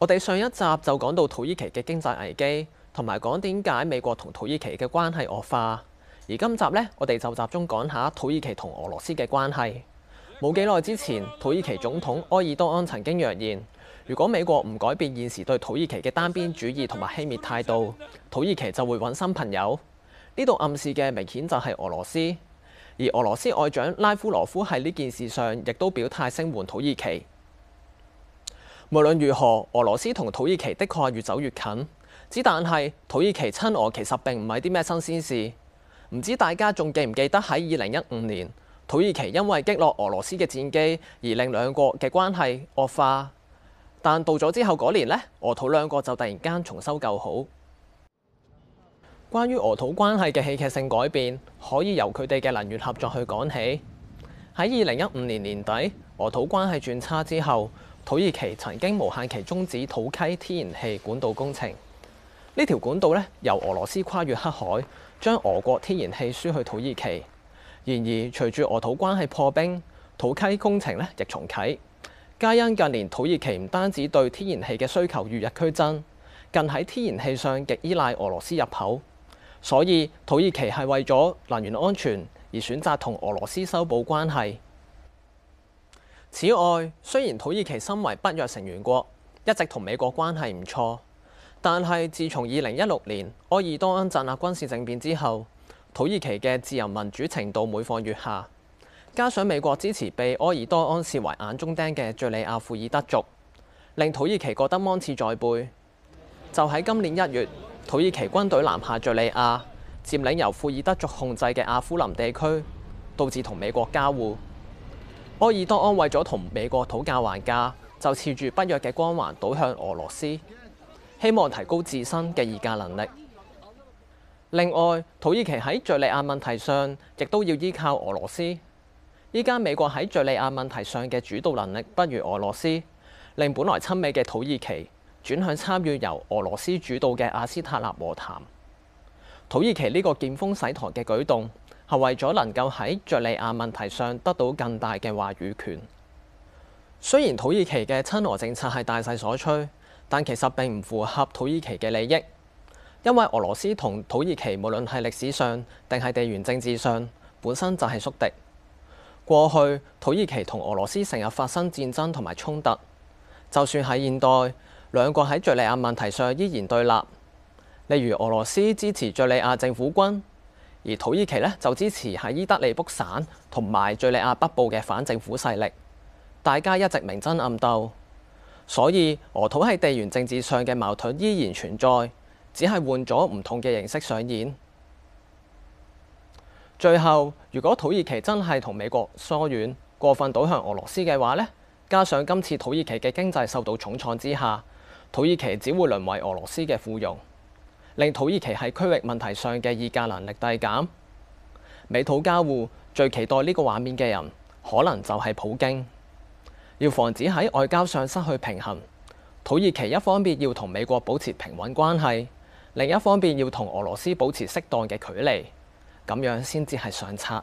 我哋上一集就講到土耳其嘅經濟危機，同埋講點解美國同土耳其嘅關係惡化。而今集呢，我哋就集中講下土耳其同俄羅斯嘅關係。冇幾耐之前，土耳其總統埃爾多安曾經揚言，如果美國唔改變現時對土耳其嘅單邊主義同埋輕蔑態度，土耳其就會揾新朋友。呢度暗示嘅明顯就係俄羅斯，而俄羅斯外長拉夫羅夫喺呢件事上亦都表態聲援土耳其。無論如何，俄羅斯同土耳其的確越走越近。只但係土耳其親俄其實並唔係啲咩新鮮事，唔知大家仲記唔記得喺二零一五年，土耳其因為擊落俄羅斯嘅戰機而令兩國嘅關係惡化。但到咗之後嗰年呢，俄土兩國就突然間重修舊好。關於俄土關係嘅戲劇性改變，可以由佢哋嘅能源合作去講起。喺二零一五年年底，俄土關係轉差之後，土耳其曾經無限期中止土溪天然氣管道工程，呢條管道咧由俄羅斯跨越黑海，將俄國天然氣輸去土耳其。然而，隨住俄土關係破冰，土溪工程咧亦重啟。皆因近年土耳其唔單止對天然氣嘅需求與日俱增，更喺天然氣上亦依賴俄羅斯入口，所以土耳其係為咗能源安全而選擇同俄羅斯修補關係。此外，雖然土耳其身為北約成員國，一直同美國關係唔錯，但係自從二零一六年埃爾多安鎮壓軍事政變之後，土耳其嘅自由民主程度每況愈下，加上美國支持被埃爾多安視為眼中釘嘅敘利亞庫爾德族，令土耳其覺得芒刺在背。就喺今年一月，土耳其軍隊南下敘利亞，佔領由庫爾德族控制嘅阿夫林地區，導致同美國交護。埃爾多安為咗同美國討價還價，就持住北約嘅光環，倒向俄羅斯，希望提高自身嘅議價能力。另外，土耳其喺敍利亞問題上，亦都要依靠俄羅斯。依家美國喺敍利亞問題上嘅主導能力不如俄羅斯，令本來親美嘅土耳其轉向參與由俄羅斯主導嘅阿斯塔納和談。土耳其呢個見風使舵嘅舉動，係為咗能夠喺敍利亞問題上得到更大嘅話語權。雖然土耳其嘅親俄政策係大勢所趨，但其實並唔符合土耳其嘅利益，因為俄羅斯同土耳其無論係歷史上定係地緣政治上，本身就係宿敵。過去土耳其同俄羅斯成日發生戰爭同埋衝突，就算喺現代，兩國喺敍利亞問題上依然對立。例如俄羅斯支持敘利亞政府軍。而土耳其呢，就支持喺伊德利卜省同埋敘利亞北部嘅反政府勢力，大家一直明爭暗鬥，所以俄土喺地緣政治上嘅矛盾依然存在，只係換咗唔同嘅形式上演。最後，如果土耳其真係同美國疏遠，過分倒向俄羅斯嘅話呢，加上今次土耳其嘅經濟受到重創之下，土耳其只會淪為俄羅斯嘅附庸。令土耳其喺區域問題上嘅議價能力遞減，美土交惡，最期待呢個畫面嘅人，可能就係普京。要防止喺外交上失去平衡，土耳其一方面要同美國保持平穩關係，另一方面要同俄羅斯保持適當嘅距離，咁樣先至係上策。